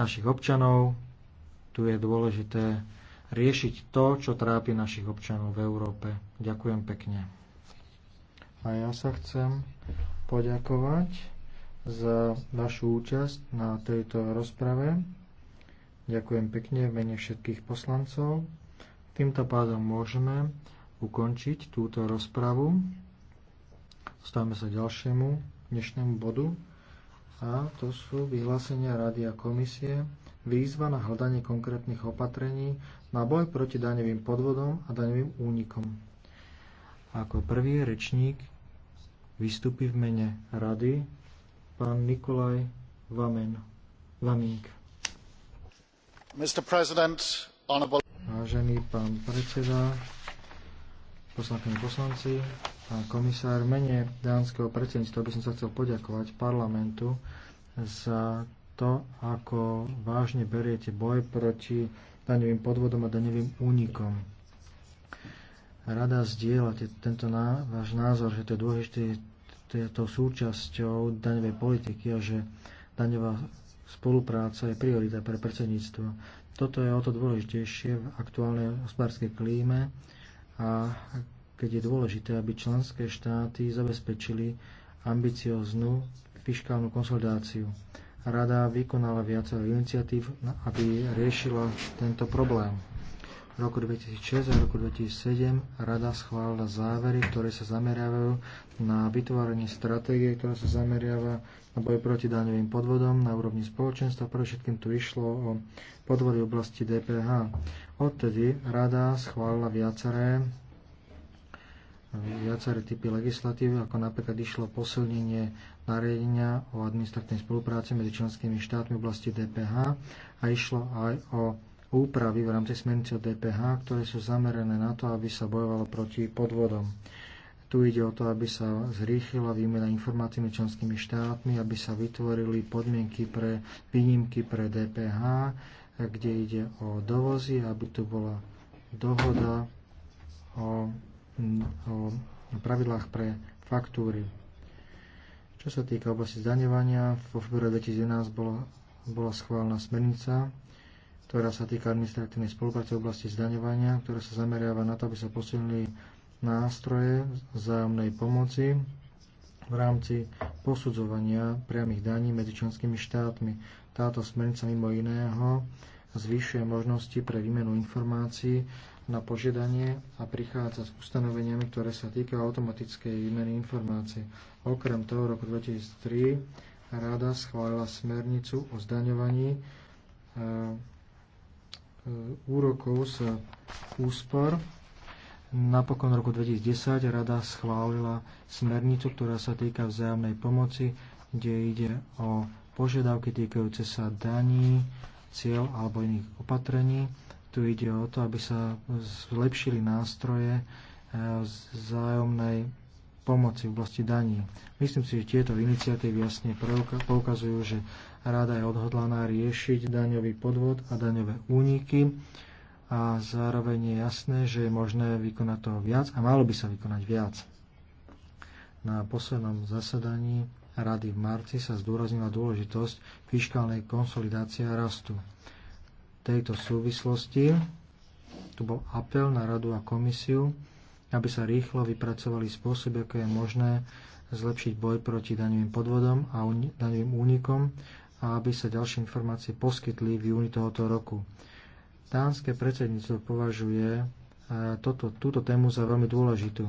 našich občanov. Tu je dôležité riešiť to, čo trápi našich občanov v Európe. Ďakujem pekne. A ja sa chcem poďakovať za vašu účasť na tejto rozprave. Ďakujem pekne v mene všetkých poslancov. Týmto pádom môžeme ukončiť túto rozpravu. Stávame sa ďalšiemu dnešnému bodu. A to sú vyhlásenia Rady a komisie, výzva na hľadanie konkrétnych opatrení na boj proti daňovým podvodom a daňovým únikom. Ako prvý rečník vystúpi v mene Rady pán Nikolaj Vamen, Vamink. Mr. President, honorable... Vážený pán predseda, poslankyne poslanci, Pán komisár, mene dánskeho predsedníctva by som sa chcel poďakovať parlamentu za to, ako vážne beriete boj proti daňovým podvodom a daňovým únikom. Rada zdieľate tento ná, váš názor, že to je dôležité tou súčasťou daňovej politiky a že daňová spolupráca je priorita pre predsedníctvo. Toto je o to dôležitejšie v aktuálnej hospodárskej klíme a keď je dôležité, aby členské štáty zabezpečili ambicióznu fiskálnu konsolidáciu. Rada vykonala viacero iniciatív, aby riešila tento problém. V roku 2006 a roku 2007 Rada schválila závery, ktoré sa zameriavajú na vytvorenie stratégie, ktorá sa zameriava na boj proti daňovým podvodom na úrovni spoločenstva. Pre všetkým tu išlo o podvody v oblasti DPH. Odtedy Rada schválila viaceré viaceré typy legislatívy, ako napríklad išlo posilnenie nariadenia o administratívnej spolupráci medzi členskými štátmi v oblasti DPH a išlo aj o úpravy v rámci smernice DPH, ktoré sú zamerané na to, aby sa bojovalo proti podvodom. Tu ide o to, aby sa zrýchlila výmena informácií medzi členskými štátmi, aby sa vytvorili podmienky pre výnimky pre DPH, kde ide o dovozy, aby tu bola dohoda o o pravidlách pre faktúry. Čo sa týka oblasti zdaňovania, vo februári 2011 bola, bola schválená smernica, ktorá sa týka administratívnej spolupráce v oblasti zdaňovania, ktorá sa zameriava na to, aby sa posilnili nástroje vzájomnej pomoci v rámci posudzovania priamých daní medzi členskými štátmi. Táto smernica mimo iného zvyšuje možnosti pre výmenu informácií na požiadanie a prichádza s ustanoveniami, ktoré sa týkajú automatickej výmeny informácie. Okrem toho, v roku 2003 Rada schválila smernicu o zdaňovaní e, e, úrokov z úspor. Napokon v roku 2010 Rada schválila smernicu, ktorá sa týka vzájomnej pomoci, kde ide o požiadavky týkajúce sa daní, cieľ alebo iných opatrení tu ide o to, aby sa zlepšili nástroje e, vzájomnej pomoci v oblasti daní. Myslím si, že tieto iniciatívy jasne poukazujú, že rada je odhodlaná riešiť daňový podvod a daňové úniky a zároveň je jasné, že je možné vykonať toho viac a malo by sa vykonať viac. Na poslednom zasadaní rady v marci sa zdôraznila dôležitosť fiskálnej konsolidácie a rastu tejto súvislosti tu bol apel na radu a komisiu, aby sa rýchlo vypracovali spôsoby, ako je možné zlepšiť boj proti daňovým podvodom a daňovým únikom a aby sa ďalšie informácie poskytli v júni tohoto roku. Dánske predsedníctvo považuje e, toto, túto tému za veľmi dôležitú.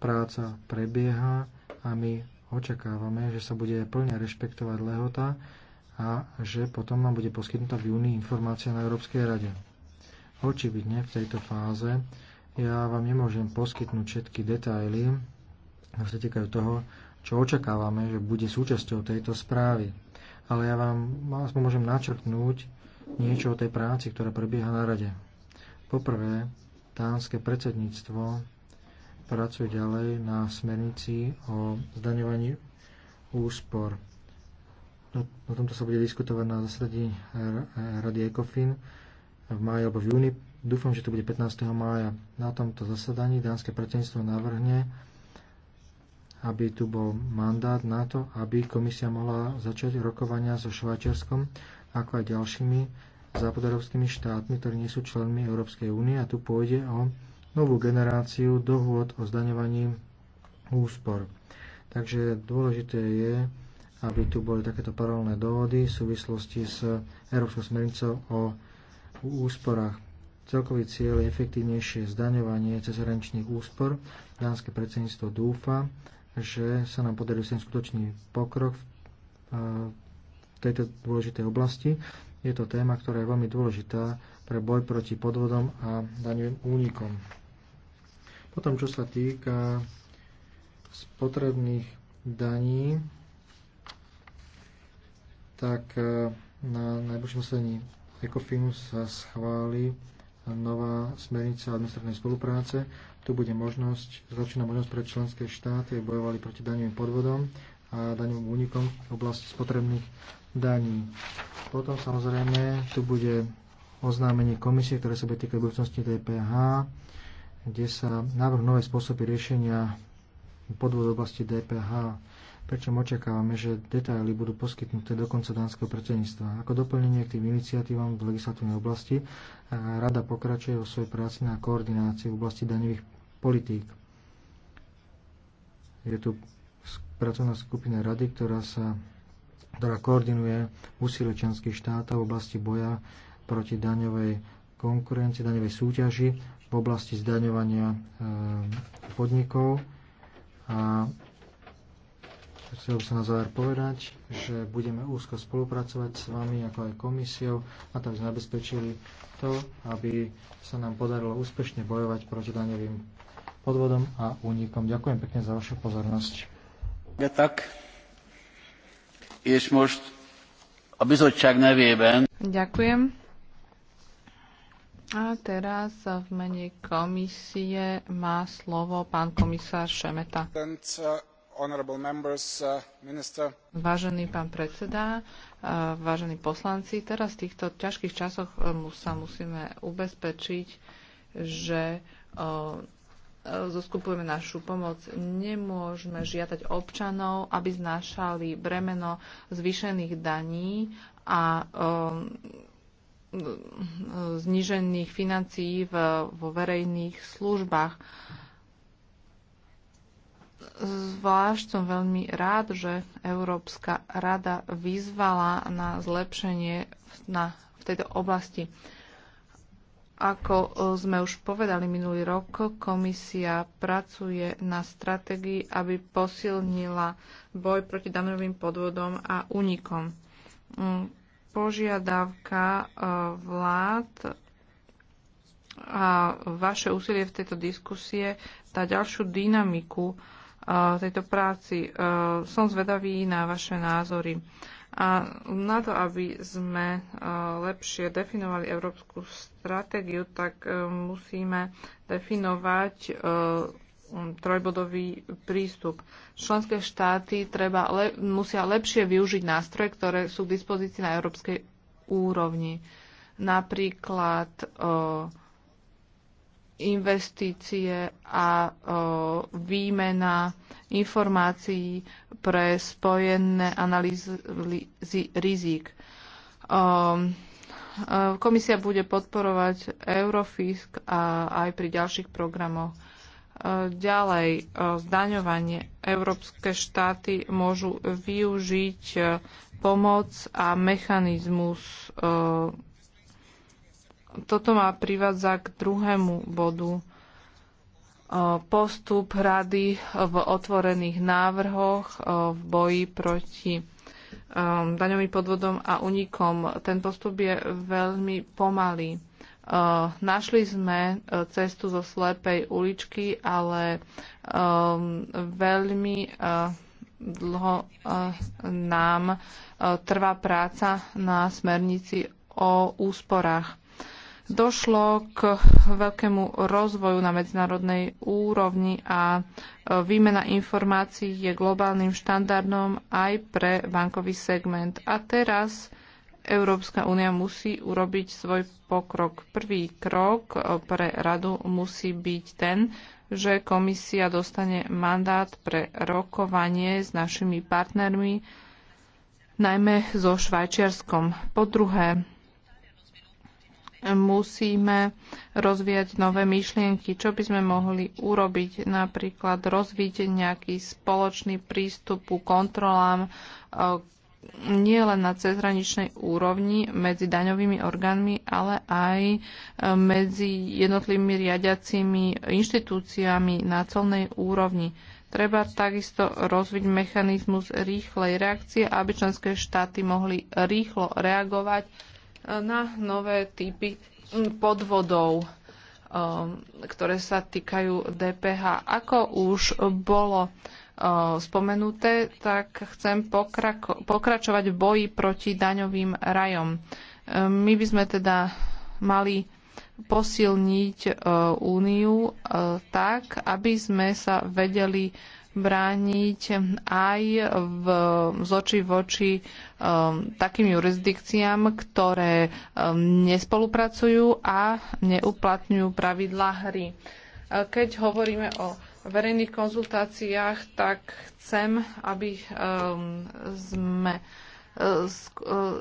Práca prebieha a my očakávame, že sa bude plne rešpektovať lehota a že potom nám bude poskytnutá v júni informácia na Európskej rade. Očividne v tejto fáze ja vám nemôžem poskytnúť všetky detaily, ktoré sa týkajú toho, čo očakávame, že bude súčasťou tejto správy. Ale ja vám aspoň môžem načrtnúť niečo o tej práci, ktorá prebieha na rade. Poprvé, tánske predsedníctvo pracuje ďalej na smernici o zdaňovaní úspor. No, o tomto sa bude diskutovať na zasadí Rady ECOFIN v máji alebo v júni. Dúfam, že to bude 15. mája. Na tomto zasadaní dánske predsedníctvo navrhne, aby tu bol mandát na to, aby komisia mohla začať rokovania so Švajčiarskom, ako aj ďalšími západoeurópskymi štátmi, ktorí nie sú členmi Európskej únie a tu pôjde o novú generáciu dohôd o zdaňovaní úspor. Takže dôležité je, aby tu boli takéto paralelné dohody v súvislosti s Európskou smernicou o úsporách. Celkový cieľ je efektívnejšie zdaňovanie cezhraničných úspor. Dánske predsedníctvo dúfa, že sa nám podarí ten skutočný pokrok v tejto dôležitej oblasti. Je to téma, ktorá je veľmi dôležitá pre boj proti podvodom a daňovým únikom. Potom, čo sa týka spotrebných daní, tak e, na najbližšom sedení ECOFINu sa schváli nová smernica administratívnej spolupráce. Tu bude možnosť, začína možnosť pre členské štáty, aby bojovali proti daňovým podvodom a daňovým únikom v oblasti spotrebných daní. Potom samozrejme tu bude oznámenie komisie, ktoré sa bude týkať budúcnosti DPH, kde sa návrh nové spôsoby riešenia podvodu v oblasti DPH pričom očakávame, že detaily budú poskytnuté do konca dánskeho predsedníctva. Ako doplnenie k tým iniciatívam v legislatívnej oblasti, e, rada pokračuje o svojej práci na koordinácii v oblasti daňových politík. Je tu pracovná skupina rady, ktorá sa ktorá koordinuje úsilie členských štátov v oblasti boja proti daňovej konkurencii, daňovej súťaži v oblasti zdaňovania e, podnikov a Chcel by som na záver povedať, že budeme úzko spolupracovať s vami ako aj komisiou a tak sme zabezpečili to, aby sa nám podarilo úspešne bojovať proti daňovým podvodom a únikom. Ďakujem pekne za vašu pozornosť. Ja tak. És most a bizottság nevieben. Ďakujem. A teraz v mene komisie má slovo pán komisár Šemeta. Uh, Vážený pán predseda, uh, vážení poslanci, teraz v týchto ťažkých časoch uh, sa musíme ubezpečiť, že zoskupujeme našu pomoc. Nemôžeme žiadať občanov, aby znášali bremeno zvýšených daní a um, znížených financií vo verejných službách Zvlášť som veľmi rád, že Európska rada vyzvala na zlepšenie na, v tejto oblasti. Ako e, sme už povedali minulý rok, komisia pracuje na stratégii, aby posilnila boj proti daňovým podvodom a únikom. Mm, požiadavka e, vlád a vaše úsilie v tejto diskusie tá ďalšiu dynamiku tejto práci. E, som zvedavý na vaše názory. A na to, aby sme e, lepšie definovali európsku stratégiu, tak e, musíme definovať trojbodový prístup. Členské štáty treba le- musia lepšie využiť nástroje, ktoré sú k dispozícii na európskej úrovni. Napríklad investície a výmena informácií pre spojené analýzy rizik. Komisia bude podporovať Eurofisk a aj pri ďalších programoch. Ďalej, zdaňovanie. Európske štáty môžu využiť pomoc a mechanizmus toto má privádza k druhému bodu. E, postup rady v otvorených návrhoch e, v boji proti e, daňovým podvodom a unikom. Ten postup je veľmi pomalý. Našli sme cestu zo slepej uličky, ale veľmi dlho nám trvá práca na smernici o úsporách došlo k veľkému rozvoju na medzinárodnej úrovni a e, výmena informácií je globálnym štandardom aj pre bankový segment. A teraz Európska únia musí urobiť svoj pokrok. Prvý krok e, pre radu musí byť ten, že komisia dostane mandát pre rokovanie s našimi partnermi, najmä so Švajčiarskom. Po druhé, musíme rozvíjať nové myšlienky, čo by sme mohli urobiť, napríklad rozviť nejaký spoločný prístup ku kontrolám e, nie len na cezhraničnej úrovni medzi daňovými orgánmi, ale aj e, medzi jednotlivými riadiacimi inštitúciami na celnej úrovni. Treba takisto rozviť mechanizmus rýchlej reakcie, aby členské štáty mohli rýchlo reagovať na nové typy podvodov, um, ktoré sa týkajú DPH. Ako už bolo uh, spomenuté, tak chcem pokračovať v boji proti daňovým rajom. Um, my by sme teda mali posilniť uh, úniu uh, tak, aby sme sa vedeli brániť aj v zoči voči um, takým jurisdikciám, ktoré um, nespolupracujú a neuplatňujú pravidlá hry. Keď hovoríme o verejných konzultáciách, tak chcem, aby um, sme uh, uh,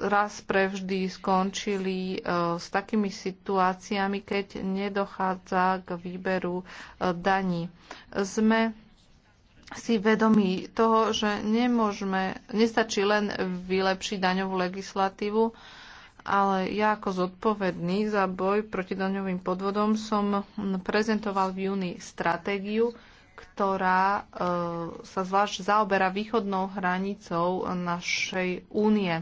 raz prevždy skončili uh, s takými situáciami, keď nedochádza k výberu daní. Sme si vedomí toho, že nemôžeme, nestačí len vylepšiť daňovú legislatívu, ale ja ako zodpovedný za boj proti daňovým podvodom som prezentoval v júni stratégiu, ktorá e, sa zvlášť zaoberá východnou hranicou našej únie.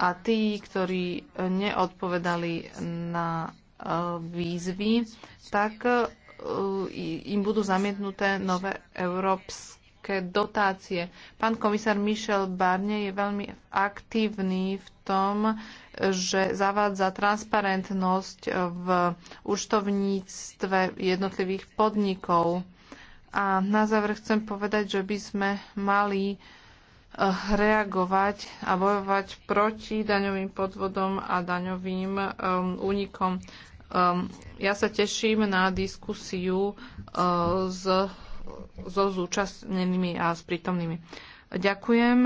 A tí, ktorí neodpovedali na e, výzvy, tak E, im budú zamietnuté nové európske dotácie. Pán komisár Michel Barne je veľmi aktívny v tom, že zavádza transparentnosť v účtovníctve jednotlivých podnikov. A na záver chcem povedať, že by sme mali e, reagovať a bojovať proti daňovým podvodom a daňovým um, únikom. Um, ja sa teším na diskusiu uh, s, so zúčastnenými a s prítomnými. Ďakujem.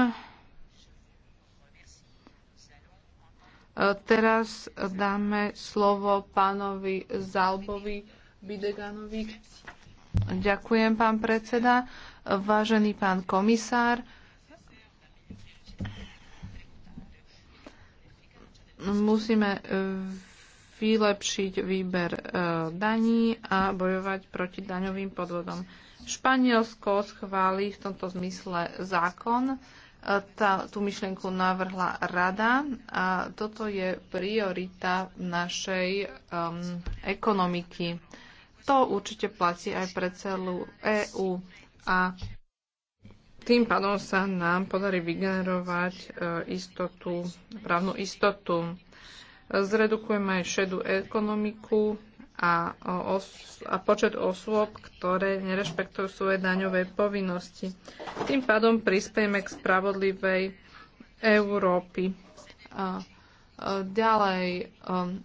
Uh, teraz dáme slovo pánovi Zalbovi Bideganovi. Ďakujem, pán predseda. Vážený pán komisár, musíme vylepšiť výber e, daní a bojovať proti daňovým podvodom. Španielsko schváli v tomto zmysle zákon. E, tá, tú myšlienku navrhla rada a toto je priorita našej um, ekonomiky. To určite platí aj pre celú EÚ a tým pádom sa nám podarí vygenerovať uh, istotu, právnu istotu. Zredukujeme aj šedú ekonomiku a, os- a počet osôb, ktoré nerešpektujú svoje daňové povinnosti. Tým pádom prispieme k spravodlivej Európy. A, a ďalej a, um,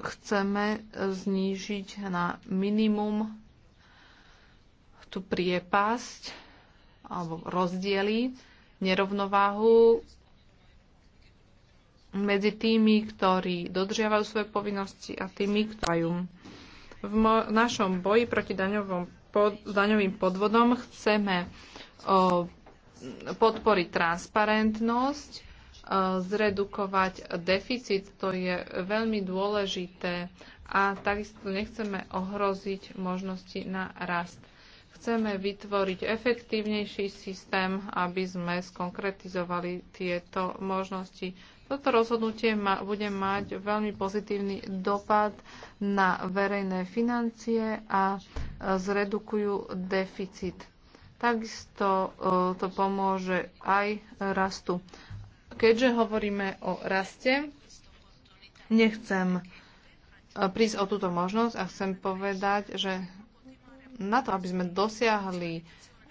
chceme znížiť na minimum tú priepasť alebo rozdiely, nerovnováhu, medzi tými, ktorí dodržiavajú svoje povinnosti a tými, ktorí majú. V našom boji proti daňovom pod- daňovým podvodom chceme o, podporiť transparentnosť, o, zredukovať deficit, to je veľmi dôležité a takisto nechceme ohroziť možnosti na rast. Chceme vytvoriť efektívnejší systém, aby sme skonkretizovali tieto možnosti toto rozhodnutie ma, bude mať veľmi pozitívny dopad na verejné financie a zredukujú deficit. Takisto e, to pomôže aj rastu. Keďže hovoríme o raste, nechcem e, prísť o túto možnosť a chcem povedať, že na to, aby sme dosiahli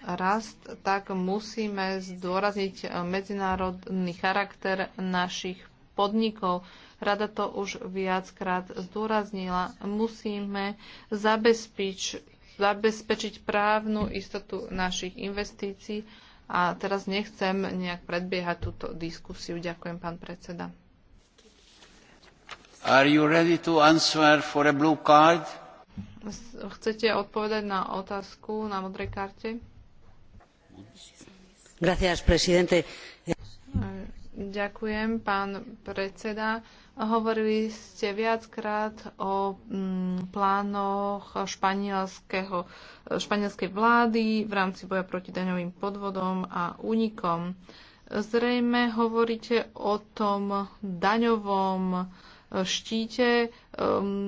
rast, tak musíme zdôrazniť medzinárodný charakter našich podnikov. Rada to už viackrát zdôraznila. Musíme zabezpeč, zabezpečiť právnu istotu našich investícií a teraz nechcem nejak predbiehať túto diskusiu. Ďakujem, pán predseda. Are you ready to answer for a blue card? Chcete odpovedať na otázku na modrej karte? Ďakujem, pán predseda. Hovorili ste viackrát o mm, plánoch španielskej vlády v rámci boja proti daňovým podvodom a únikom. Zrejme hovoríte o tom daňovom e, štíte e,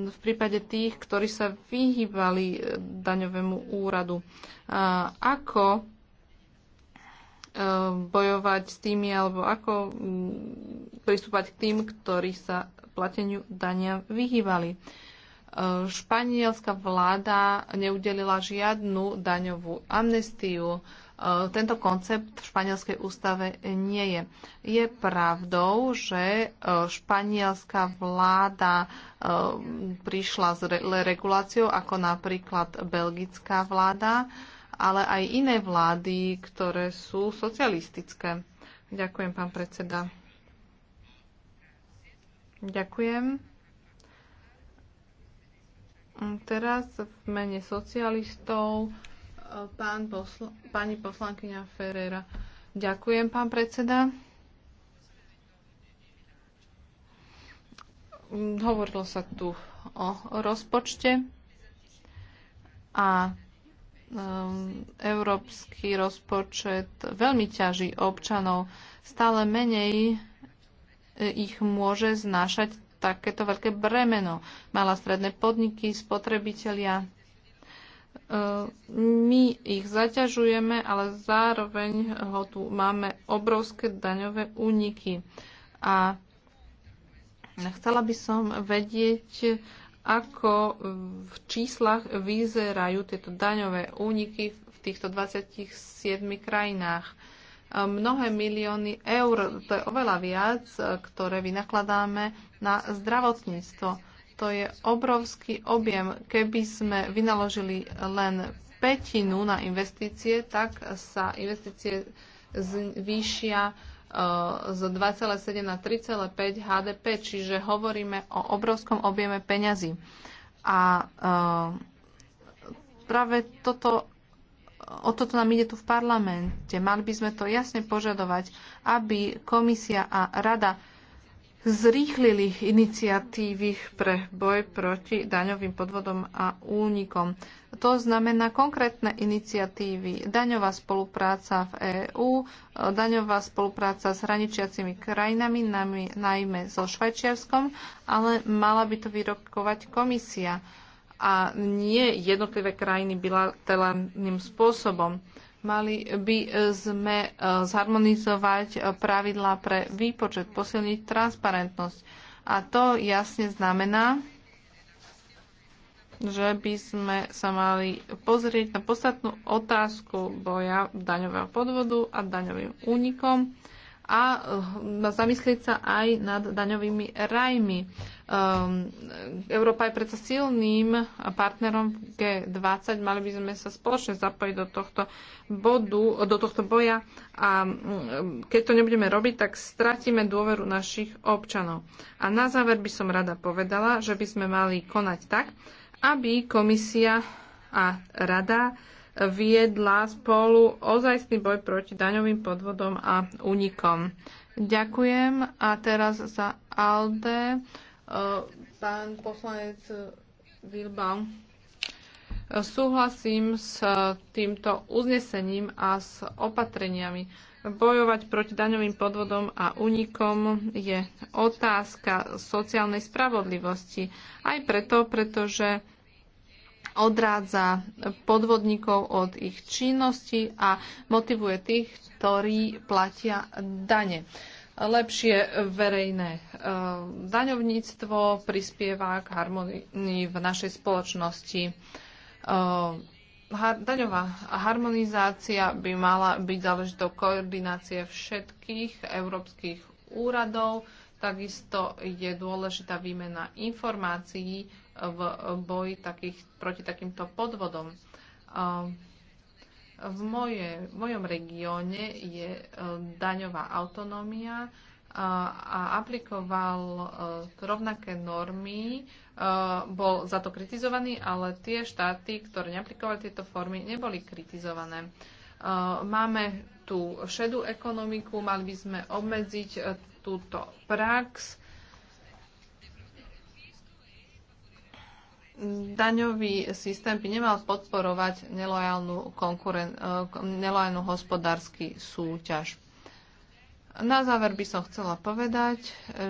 v prípade tých, ktorí sa vyhýbali e, daňovému úradu. Ako bojovať s tými, alebo ako mm, pristúpať k tým, ktorí sa plateniu dania vyhývali. E, španielská vláda neudelila žiadnu daňovú amnestiu. E, tento koncept v španielskej ústave nie je. Je pravdou, že e, španielská vláda prišla s reguláciou, ako napríklad belgická vláda, ale aj iné vlády, ktoré sú socialistické. Ďakujem, pán predseda. Ďakujem. Teraz v mene socialistov e, pán posl- pani poslankyňa Ferreira. Ďakujem, pán predseda. Hovorilo sa tu o rozpočte a um, európsky rozpočet veľmi ťaží občanov. Stále menej e, ich môže znášať takéto veľké bremeno. Malá stredné podniky, spotrebitelia. Ehm, my ich zaťažujeme, ale zároveň ho tu máme obrovské daňové úniky. A chcela by som vedieť, ako v číslach vyzerajú tieto daňové úniky v týchto 27 krajinách. E, mnohé milióny eur, to je oveľa viac, e, ktoré vynakladáme na zdravotníctvo. To je obrovský objem. Keby sme vynaložili len petinu na investície, tak sa investície zvýšia z 2,7 na 3,5 HDP, čiže hovoríme o obrovskom objeme peňazí. A e, práve toto, o toto nám ide tu v parlamente. Mali by sme to jasne požadovať, aby komisia a rada zrýchlili iniciatívy pre boj proti daňovým podvodom a únikom. To znamená konkrétne iniciatívy, daňová spolupráca v EÚ, daňová spolupráca s hraničiacimi krajinami, najmä so Švajčiarskom, ale mala by to vyrokovať komisia a nie jednotlivé krajiny bilaterálnym spôsobom. Mali by e, sme e, zharmonizovať e, pravidlá pre výpočet, posilniť transparentnosť. A to jasne znamená, že by sme sa mali pozrieť na podstatnú otázku boja daňového podvodu a daňovým únikom a e, zamyslieť sa aj nad daňovými rajmi. Ehm, Európa je predsa silným partnerom G20, mali by sme sa spoločne zapojiť do tohto bodu, do tohto boja a keď to nebudeme robiť, tak stratíme dôveru našich občanov. A na záver by som rada povedala, že by sme mali konať tak, aby komisia a rada viedla spolu ozajstný boj proti daňovým podvodom a únikom. Ďakujem a teraz za ALDE e, pán poslanec Vilbal. Súhlasím s týmto uznesením a s opatreniami. Bojovať proti daňovým podvodom a únikom je otázka sociálnej spravodlivosti. Aj preto, pretože odrádza podvodníkov od ich činnosti a motivuje tých, ktorí platia dane. Lepšie verejné e, daňovníctvo prispieva k harmonii v našej spoločnosti e, daňová harmonizácia by mala byť záležitou koordinácie všetkých európskych úradov. Takisto je dôležitá výmena informácií v boji takých, proti takýmto podvodom. V, moje, v mojom regióne je e, daňová autonómia a aplikoval e, rovnaké normy, e, bol za to kritizovaný, ale tie štáty, ktoré neaplikovali tieto formy, neboli kritizované. Máme tú šedú ekonomiku, mali by sme obmedziť túto prax daňový systém by nemal podporovať nelojálnu, konkuren- e, nelojálnu hospodársky súťaž. Na záver by som chcela povedať,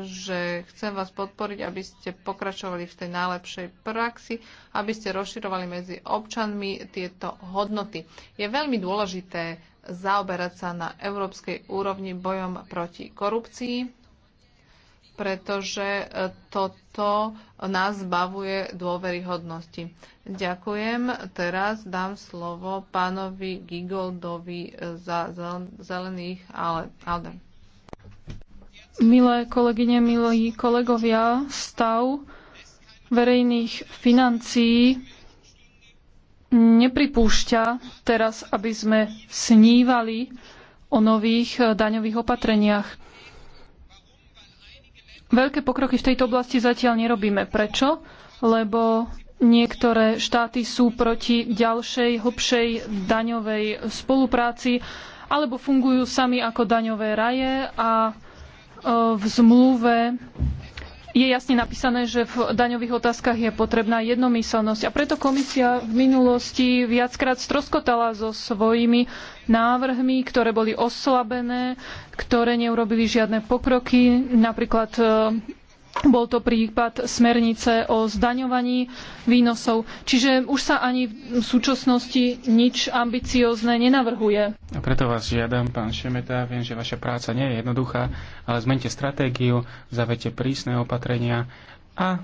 že chcem vás podporiť, aby ste pokračovali v tej najlepšej praxi, aby ste rozširovali medzi občanmi tieto hodnoty. Je veľmi dôležité zaoberať sa na európskej úrovni bojom proti korupcii, pretože e, toto nás zbavuje dôveryhodnosti. Ďakujem. Teraz dám slovo pánovi Gigoldovi e, za zelených ale, Alde. Milé kolegyne, milí kolegovia, stav verejných financií nepripúšťa teraz, aby sme snívali o nových e, daňových opatreniach Veľké pokroky v tejto oblasti zatiaľ nerobíme. Prečo? Lebo niektoré štáty sú proti ďalšej, hlbšej daňovej spolupráci, alebo fungujú sami ako daňové raje a e, v zmluve je jasne napísané, že v daňových otázkach je potrebná jednomyseľnosť. A preto komisia v minulosti viackrát stroskotala so svojimi návrhmi, ktoré boli oslabené, ktoré neurobili žiadne pokroky, napríklad bol to prípad smernice o zdaňovaní výnosov. Čiže už sa ani v súčasnosti nič ambiciózne nenavrhuje. A preto vás žiadam, pán Šemeta, viem, že vaša práca nie je jednoduchá, ale zmente stratégiu, zavete prísne opatrenia a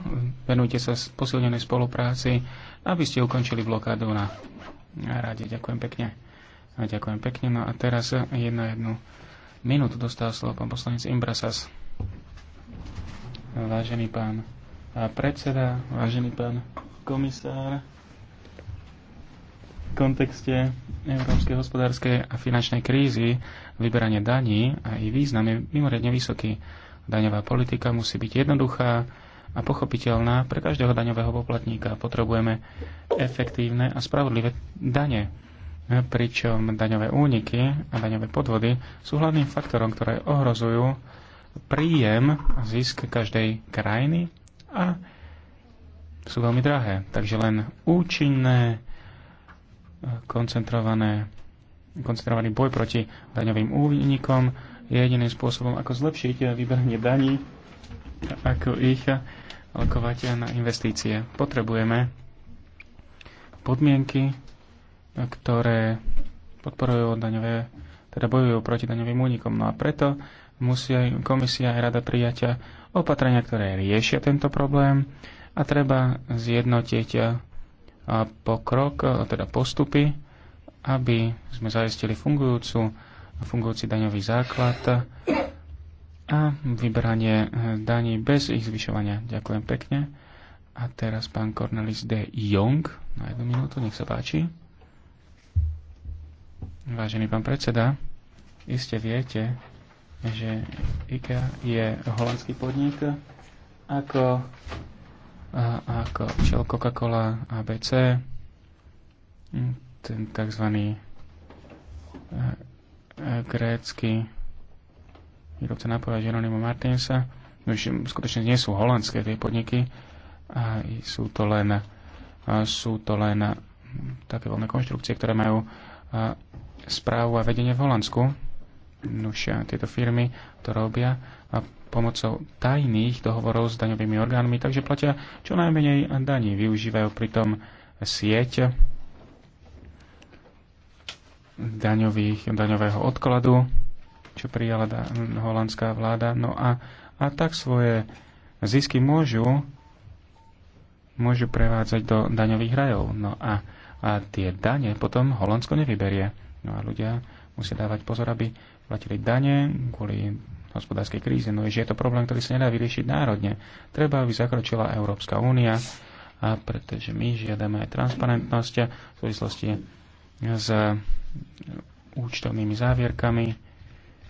venujte sa posilnenej spolupráci, aby ste ukončili blokádu na rade. Ďakujem pekne. A ďakujem pekne. No a teraz jedna jednu minútu dostal slovo pán poslanec Imbrasas vážený pán predseda, vážený pán komisár, v kontexte európskej hospodárskej a finančnej krízy vyberanie daní a jej význam je mimoriadne vysoký. Daňová politika musí byť jednoduchá a pochopiteľná pre každého daňového poplatníka. Potrebujeme efektívne a spravodlivé dane, pričom daňové úniky a daňové podvody sú hlavným faktorom, ktoré ohrozujú príjem a zisk každej krajiny a sú veľmi drahé. Takže len účinné, e, koncentrované, koncentrovaný boj proti daňovým únikom je jediným spôsobom, ako zlepšiť e, vyberanie daní, ako ich alokovať na investície. Potrebujeme podmienky, ktoré podporujú daňové, teda bojujú proti daňovým únikom. No a preto musia komisia aj rada prijať opatrenia, ktoré riešia tento problém a treba zjednotiť pokrok, teda postupy, aby sme zaistili fungujúcu, fungujúci daňový základ a vyberanie daní bez ich zvyšovania. Ďakujem pekne. A teraz pán Cornelis De Jong na jednu minútu, nech sa páči. Vážený pán predseda, iste viete, že IKEA je holandský podnik ako, ako Shell Coca-Cola ABC, hm, ten tzv. grécky výrobca nápoja Jeronimo Martinsa. Už no, skutočne nie sú holandské tie podniky, a sú to len, sú to len hm, také voľné konštrukcie, ktoré majú správu a vedenie v Holandsku Nušia, tieto firmy to robia a pomocou tajných dohovorov s daňovými orgánmi, takže platia čo najmenej daní. Využívajú pritom sieť daňových, daňového odkladu, čo prijala da, holandská vláda. No a, a tak svoje zisky môžu, môžu prevádzať do daňových rajov. No a, a tie dane potom Holandsko nevyberie. No a ľudia musia dávať pozor, aby platili dane kvôli hospodárskej kríze. No je, že je to problém, ktorý sa nedá vyriešiť národne. Treba, aby zakročila Európska únia, a pretože my žiadame aj transparentnosť v súvislosti s účtovnými závierkami.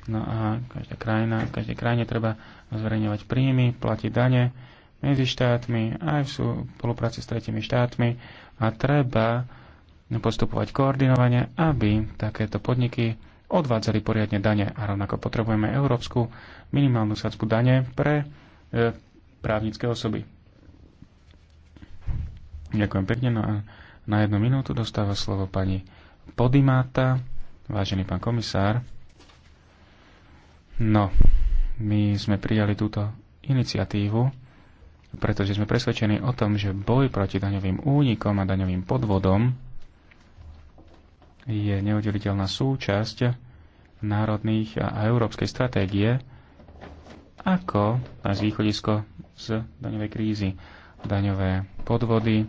No a každá krajina, v každej krajine treba zverejňovať príjmy, platiť dane medzi štátmi, aj v spolupráci s tretimi štátmi a treba postupovať koordinovane, aby takéto podniky odvádzali poriadne dane a rovnako potrebujeme európsku minimálnu sadzbu dane pre e, právnické osoby. Ďakujem pekne. No a na jednu minútu dostáva slovo pani Podimáta, vážený pán komisár. No, my sme prijali túto iniciatívu, pretože sme presvedčení o tom, že boj proti daňovým únikom a daňovým podvodom je neudeliteľná súčasť národných a európskej stratégie ako z východisko z daňovej krízy. Daňové podvody,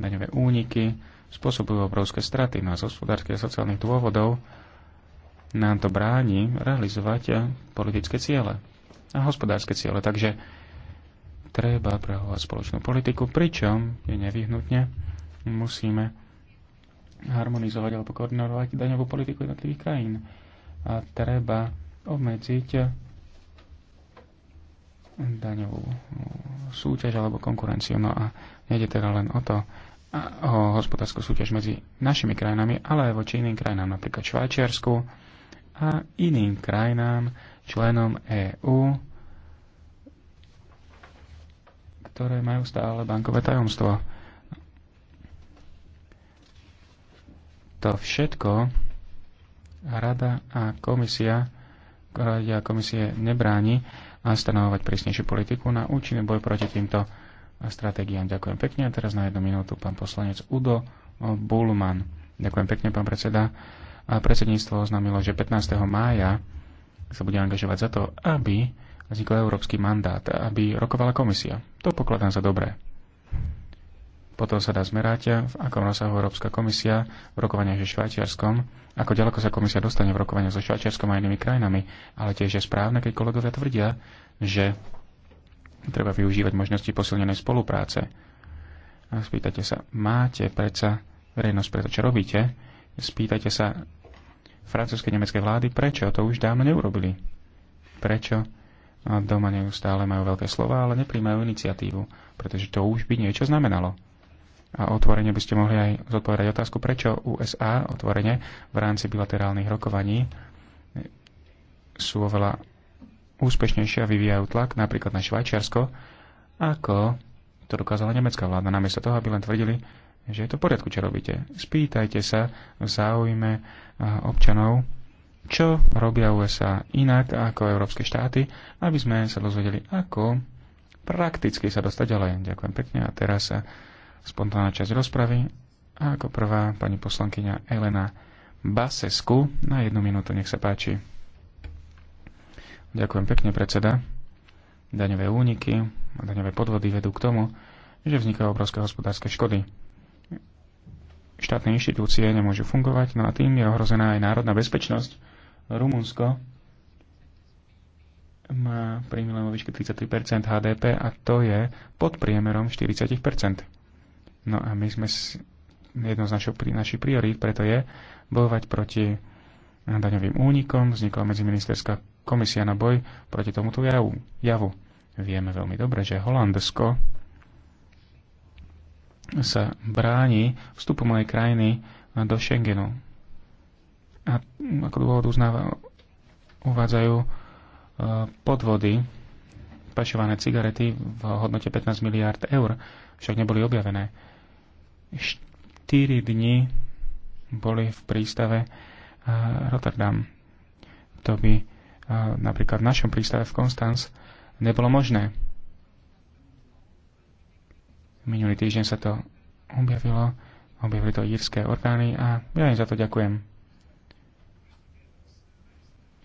daňové úniky spôsobujú obrovské straty. No a z hospodárskych a sociálnych dôvodov nám to bráni realizovať politické ciele a hospodárske ciele. Takže treba prehovať spoločnú politiku, pričom je nevyhnutne musíme harmonizovať alebo koordinovať daňovú politiku jednotlivých krajín. A treba obmedziť daňovú súťaž alebo konkurenciu. No a nejde teda len o to, o hospodárskú súťaž medzi našimi krajinami, ale aj voči iným krajinám, napríklad Švajčiarsku a iným krajinám, členom EÚ, ktoré majú stále bankové tajomstvo. To všetko rada a komisia Rada komisie nebráni a stanovovať prísnejšiu politiku na účinný boj proti týmto stratégiám. Ďakujem pekne. A teraz na jednu minútu pán poslanec Udo Bulman. Ďakujem pekne, pán predseda. A predsedníctvo oznámilo, že 15. mája sa bude angažovať za to, aby vznikol európsky mandát, aby rokovala komisia. To pokladám za dobré. Potom sa dá zmerať, v akom rozsahu Európska komisia v rokovaniach so Švajčiarskom, ako ďaleko sa komisia dostane v rokovaniach so Švajčiarskom a inými krajinami, ale tiež je správne, keď kolegovia tvrdia, že treba využívať možnosti posilnenej spolupráce. A spýtate sa, máte predsa verejnosť preto, čo robíte? Spýtate sa francúzskej nemeckej vlády, prečo to už dávno neurobili? Prečo doma neustále majú veľké slova, ale nepríjmajú iniciatívu, pretože to už by niečo znamenalo a otvorene by ste mohli aj zodpovedať otázku, prečo USA otvorene v rámci bilaterálnych rokovaní sú oveľa úspešnejšie a vyvíjajú tlak napríklad na Švajčiarsko, ako to dokázala nemecká vláda, namiesto toho, aby len tvrdili, že je to v poriadku, čo robíte. Spýtajte sa v záujme občanov, čo robia USA inak ako európske štáty, aby sme sa dozvedeli, ako prakticky sa dostať ďalej. Ďakujem pekne a teraz sa spontánna časť rozpravy. A ako prvá pani poslankyňa Elena Basesku na jednu minútu, nech sa páči. Ďakujem pekne, predseda. Daňové úniky a daňové podvody vedú k tomu, že vznikajú obrovské hospodárske škody. Štátne inštitúcie nemôžu fungovať, no a tým je ohrozená aj národná bezpečnosť. Rumunsko má príjmy len vo výške 33% HDP a to je pod priemerom 40%. No a my sme jedno z našich, našich priorít, preto je bojovať proti daňovým únikom. Vznikla medziministerská komisia na boj proti tomuto javu. javu. Vieme veľmi dobre, že Holandsko sa bráni vstupu mojej krajiny do Schengenu. A ako dôvod uznáva, uvádzajú e, podvody pašované cigarety v hodnote 15 miliard eur, však neboli objavené 4 dni boli v prístave eh, Rotterdam. To by eh, napríklad v našom prístave v Konstanz nebolo možné. Minulý týždeň sa to objavilo, objavili to írske orgány a ja im za to ďakujem.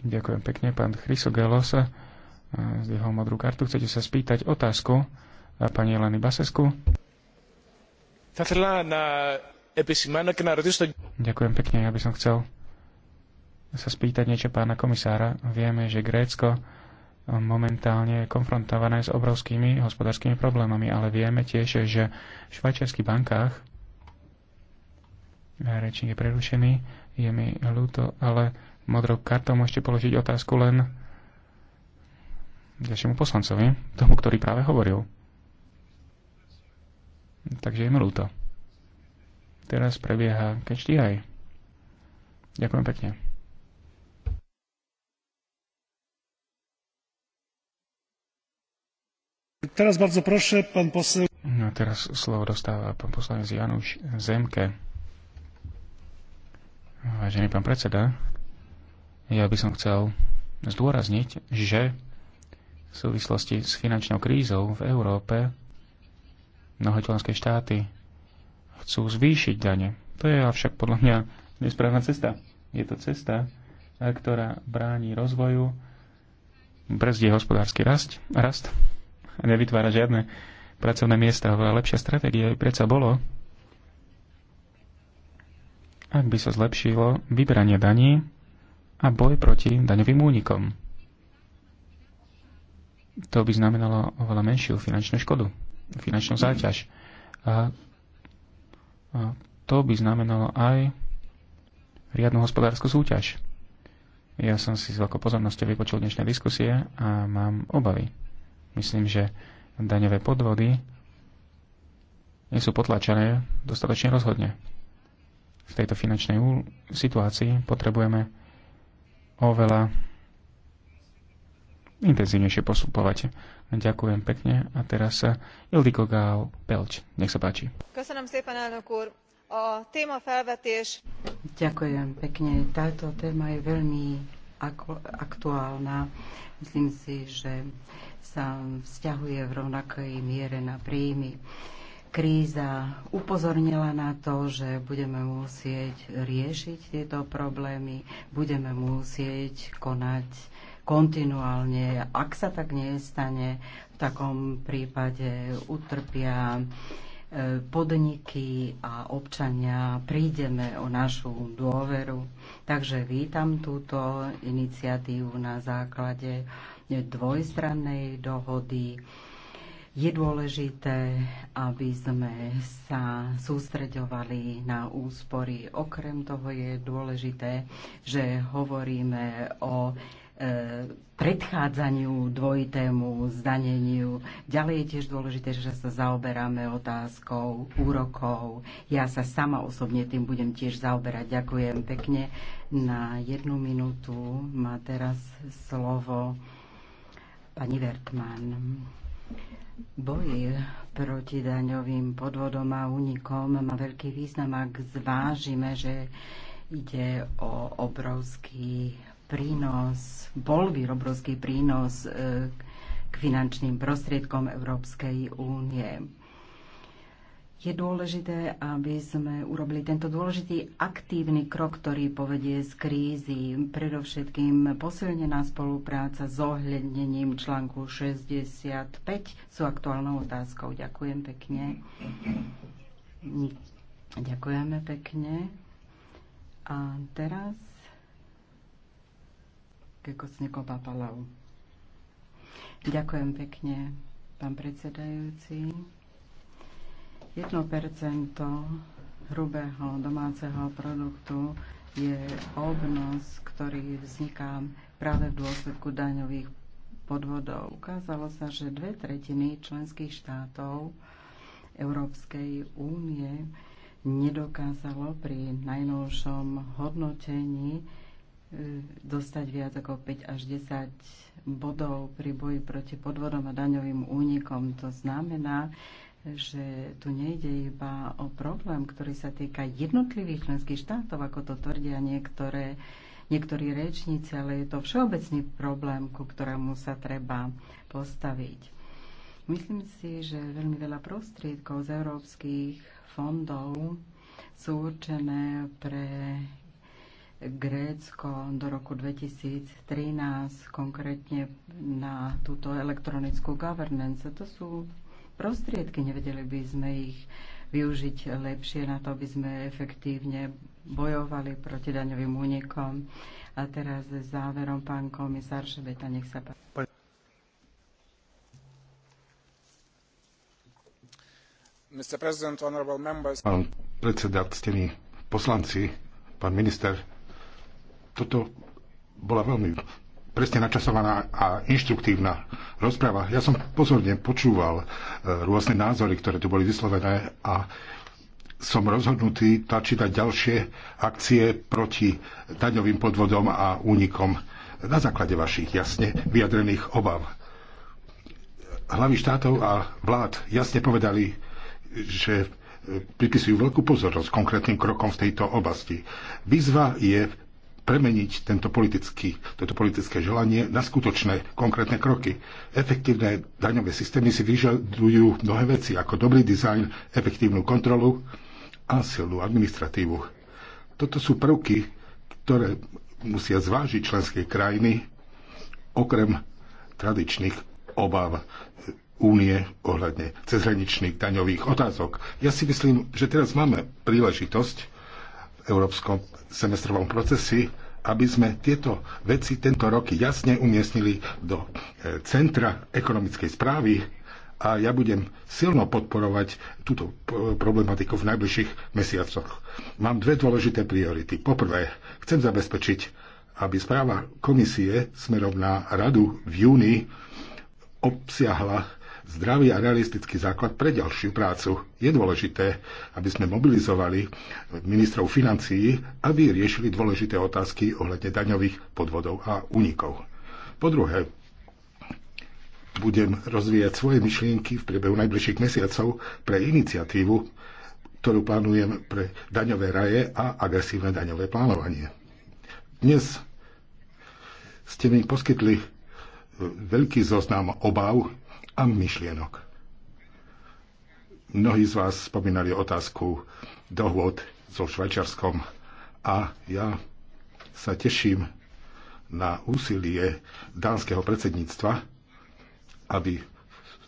Ďakujem pekne, pán Chrysogelos. Eh, jeho modrú kartu. Chcete sa spýtať otázku pani Eleny Basesku? Ďakujem pekne, ja by som chcel sa spýtať niečo pána komisára. Vieme, že Grécko momentálne je konfrontované s obrovskými hospodárskymi problémami, ale vieme tiež, že v švajčiarských bankách rečník je prerušený, je mi ľúto, ale modrou kartou môžete položiť otázku len ďalšiemu poslancovi, tomu, ktorý práve hovoril. Takže je mi ľúto. Teraz prebieha catch aj. Ďakujem pekne. Teraz bardzo proszę, pan poseł. No teraz slovo dostáva pán poslanec Januš Zemke. Vážený pán predseda, ja by som chcel zdôrazniť, že v súvislosti s finančnou krízou v Európe Mnohé členské štáty chcú zvýšiť dane. To je avšak podľa mňa nesprávna cesta. Je to cesta, ktorá bráni rozvoju, brzdí hospodársky rast, rast a nevytvára žiadne pracovné miesta. Oveľa lepšia stratégia by predsa bolo, ak by sa zlepšilo vyberanie daní a boj proti daňovým únikom. To by znamenalo oveľa menšiu finančnú škodu finančnú záťaž. A, a to by znamenalo aj riadnu hospodárskú súťaž. Ja som si s veľkou pozornosťou vypočul dnešné diskusie a mám obavy. Myslím, že daňové podvody nie sú potlačené dostatočne rozhodne. V tejto finančnej situácii potrebujeme oveľa intenzívnejšie postupovať. Ďakujem pekne. A teraz eh, Ildiko Gál Pelč. Nech sa páči. Ďakujem pekne. Táto téma je veľmi aktuálna. Myslím si, že sa vzťahuje v rovnakej miere na príjmy. Kríza upozornila na to, že budeme musieť riešiť tieto problémy, budeme musieť konať kontinuálne. Ak sa tak nestane, v takom prípade utrpia e, podniky a občania prídeme o našu dôveru. Takže vítam túto iniciatívu na základe dvojstrannej dohody. Je dôležité, aby sme sa sústreďovali na úspory. Okrem toho je dôležité, že hovoríme o predchádzaniu dvojitému zdaneniu. Ďalej je tiež dôležité, že sa zaoberáme otázkou úrokov. Ja sa sama osobne tým budem tiež zaoberať. Ďakujem pekne. Na jednu minútu má teraz slovo pani Vertman. Boj proti daňovým podvodom a únikom má veľký význam, ak zvážime, že ide o obrovský prínos, bol obrovský prínos e, k finančným prostriedkom Európskej únie. Je dôležité, aby sme urobili tento dôležitý aktívny krok, ktorý povedie z krízy. Predovšetkým posilnená spolupráca s ohľadnením článku 65 sú aktuálnou otázkou. Ďakujem pekne. Ďakujeme pekne. A teraz Kekocnekova Palau. Ďakujem pekne, pán predsedajúci. 1% hrubého domáceho produktu je obnos, ktorý vzniká práve v dôsledku daňových podvodov. Ukázalo sa, že dve tretiny členských štátov Európskej únie nedokázalo pri najnovšom hodnotení dostať viac ako 5 až 10 bodov pri boji proti podvodom a daňovým únikom. To znamená, že tu nejde iba o problém, ktorý sa týka jednotlivých členských štátov, ako to tvrdia niektoré, niektorí rečníci, ale je to všeobecný problém, ku ktorému sa treba postaviť. Myslím si, že veľmi veľa prostriedkov z európskych fondov sú určené pre Grécko do roku 2013, konkrétne na túto elektronickú governance. To sú prostriedky, nevedeli by sme ich využiť lepšie na to, aby sme efektívne bojovali proti daňovým únikom. A teraz záverom pán komisár Šebeta, nech sa páči. Pán predseda, ctení poslanci, pán minister, toto bola veľmi presne načasovaná a inštruktívna rozpráva. Ja som pozorne počúval e, rôzne názory, ktoré tu boli vyslovené a som rozhodnutý tlačiť ďalšie akcie proti daňovým podvodom a únikom na základe vašich jasne vyjadrených obav. Hlavy štátov a vlád jasne povedali, že e, pripisujú veľkú pozornosť konkrétnym krokom v tejto oblasti. Výzva je premeniť tento politický, toto politické želanie na skutočné konkrétne kroky. Efektívne daňové systémy si vyžadujú mnohé veci, ako dobrý dizajn, efektívnu kontrolu a silnú administratívu. Toto sú prvky, ktoré musia zvážiť členské krajiny, okrem tradičných obav, únie ohľadne cezhraničných daňových otázok. Ja si myslím, že teraz máme príležitosť európskom semestrovom procesi, aby sme tieto veci tento rok jasne umiestnili do e, centra ekonomickej správy a ja budem silno podporovať túto e, problematiku v najbližších mesiacoch. Mám dve dôležité priority. Poprvé, chcem zabezpečiť, aby správa komisie smerom na radu v júni obsiahla zdravý a realistický základ pre ďalšiu prácu. Je dôležité, aby sme mobilizovali ministrov financií, aby riešili dôležité otázky ohľadne daňových podvodov a únikov. Po druhé, budem rozvíjať svoje myšlienky v priebehu najbližších mesiacov pre iniciatívu, ktorú plánujem pre daňové raje a agresívne daňové plánovanie. Dnes ste mi poskytli e, veľký zoznam obav, a myšlienok. Mnohí z vás spomínali otázku dohôd so Švajčarskom a ja sa teším na úsilie dánskeho predsedníctva, aby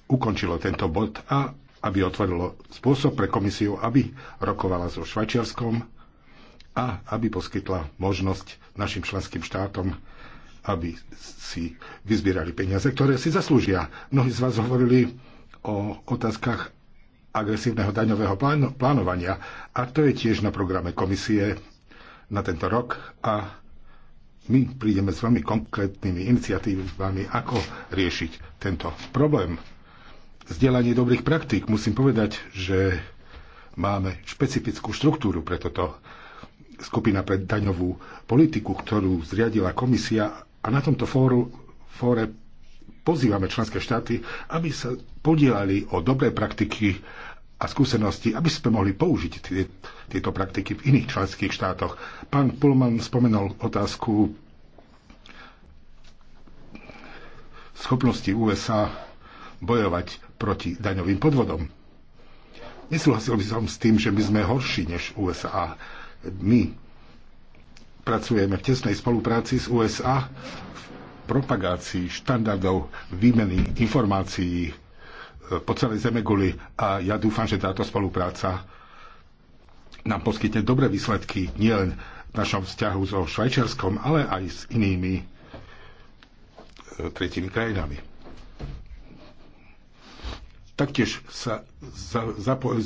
ukončilo tento bod a aby otvorilo spôsob pre komisiu, aby rokovala so Švajčiarskom a aby poskytla možnosť našim členským štátom aby si vyzbierali peniaze, ktoré si zaslúžia. Mnohí z vás hovorili o otázkach agresívneho daňového plánovania a to je tiež na programe komisie na tento rok a my prídeme s veľmi konkrétnymi iniciatívami, ako riešiť tento problém. Zdieľanie dobrých praktík. Musím povedať, že máme špecifickú štruktúru pre toto skupina pre daňovú politiku, ktorú zriadila komisia a na tomto fóru, fóre pozývame členské štáty, aby sa podielali o dobré praktiky a skúsenosti, aby sme mohli použiť tie, tieto praktiky v iných členských štátoch. Pán Pullman spomenul otázku schopnosti USA bojovať proti daňovým podvodom. Nesúhlasil by som s tým, že my sme horší než USA. My Pracujeme v tesnej spolupráci s USA v propagácii štandardov výmeny informácií e, po celej Zemeguli a ja dúfam, že táto spolupráca nám poskytne dobré výsledky nielen v našom vzťahu so Švajčiarskom, ale aj s inými e, tretími krajinami taktiež sa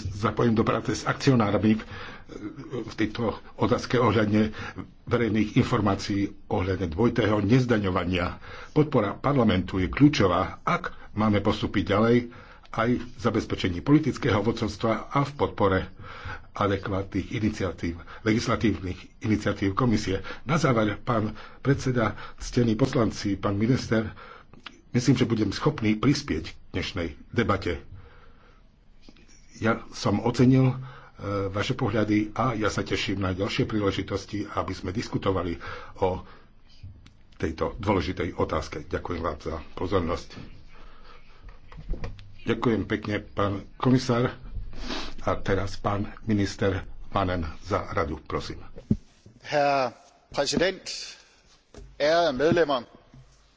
zapojím do práce s akcionármi v, v tejto otázke ohľadne verejných informácií ohľadne dvojtého nezdaňovania. Podpora parlamentu je kľúčová, ak máme postúpiť ďalej aj v zabezpečení politického vodcovstva a v podpore adekvátnych iniciatív, legislatívnych iniciatív komisie. Na záver, pán predseda, stení poslanci, pán minister, myslím, že budem schopný prispieť dnešnej debate. Ja som ocenil e, vaše pohľady a ja sa teším na ďalšie príležitosti, aby sme diskutovali o tejto dôležitej otázke. Ďakujem vám za pozornosť. Ďakujem pekne, pán komisár. A teraz pán minister Manen za radu, prosím. Herr prezident, ærede medlemmer,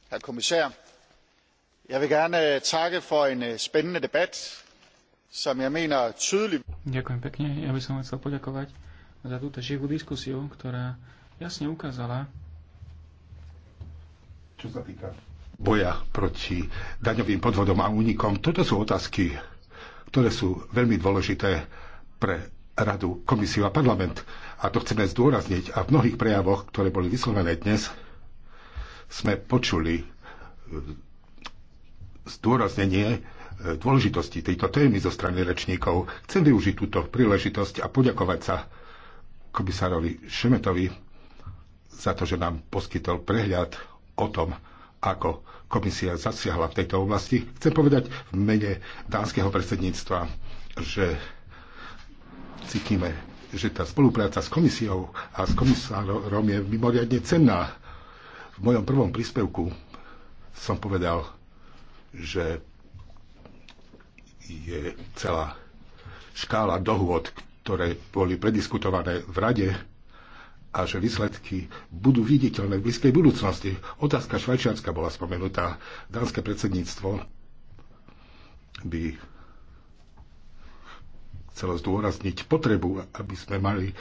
herr komisár, Jeg vil gerne øh, takke for en øh, spændende debat, som jeg mener tydeligt... Ďakujem pekne. Ja by som chcel poďakovať za túto živú diskusiu, ktorá jasne ukázala, čo sa týka boja proti daňovým podvodom a únikom. Toto sú otázky, ktoré sú veľmi dôležité pre Radu, Komisiu a Parlament. A to chceme zdôrazniť. A v mnohých prejavoch, ktoré boli vyslovené dnes, sme počuli zdôraznenie e, dôležitosti tejto témy zo strany rečníkov. Chcem využiť túto príležitosť a poďakovať sa komisárovi Šemetovi za to, že nám poskytol prehľad o tom, ako komisia zasiahla v tejto oblasti. Chcem povedať v mene dánskeho predsedníctva, že cítime, že tá spolupráca s komisiou a s komisárom je mimoriadne cenná. V mojom prvom príspevku som povedal, že je celá škála dohôd, ktoré boli prediskutované v Rade a že výsledky budú viditeľné v blízkej budúcnosti. Otázka Švajčiarska bola spomenutá. Dánske predsedníctvo by chcelo zdôrazniť potrebu, aby sme mali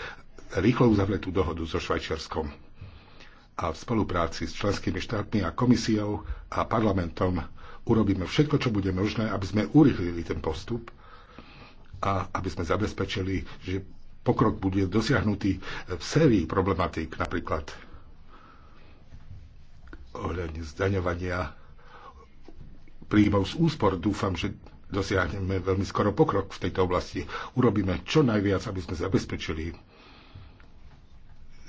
rýchlo uzavretú dohodu so Švajčiarskom a v spolupráci s členskými štátmi a komisiou a parlamentom urobíme všetko, čo bude možné, aby sme urychlili ten postup a aby sme zabezpečili, že pokrok bude dosiahnutý v sérii problematík, napríklad ohľadne zdaňovania príjmov z úspor. Dúfam, že dosiahneme veľmi skoro pokrok v tejto oblasti. Urobíme čo najviac, aby sme zabezpečili,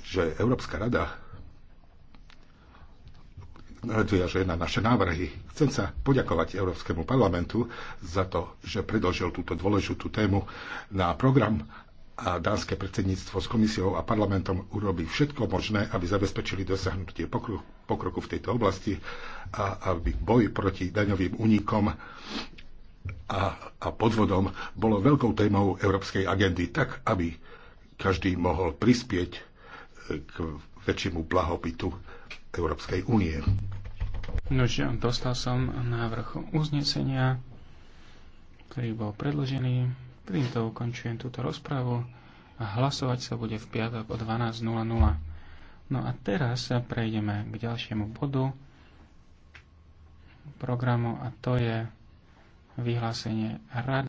že Európska rada tu je až na naše návrhy. Chcem sa poďakovať Európskemu parlamentu za to, že predložil túto dôležitú tému na program a dánske predsedníctvo s komisiou a parlamentom urobí všetko možné, aby zabezpečili dosahnutie pokroku v tejto oblasti a aby boj proti daňovým únikom a, a podvodom bolo veľkou témou európskej agendy, tak aby každý mohol prispieť k väčšiemu blahobytu Európskej únie. Nož, dostal som návrh uznesenia, ktorý bol predložený. Týmto ukončujem túto rozpravu a hlasovať sa bude v piatok o 12.00. No a teraz sa prejdeme k ďalšiemu bodu programu a to je vyhlásenie rady.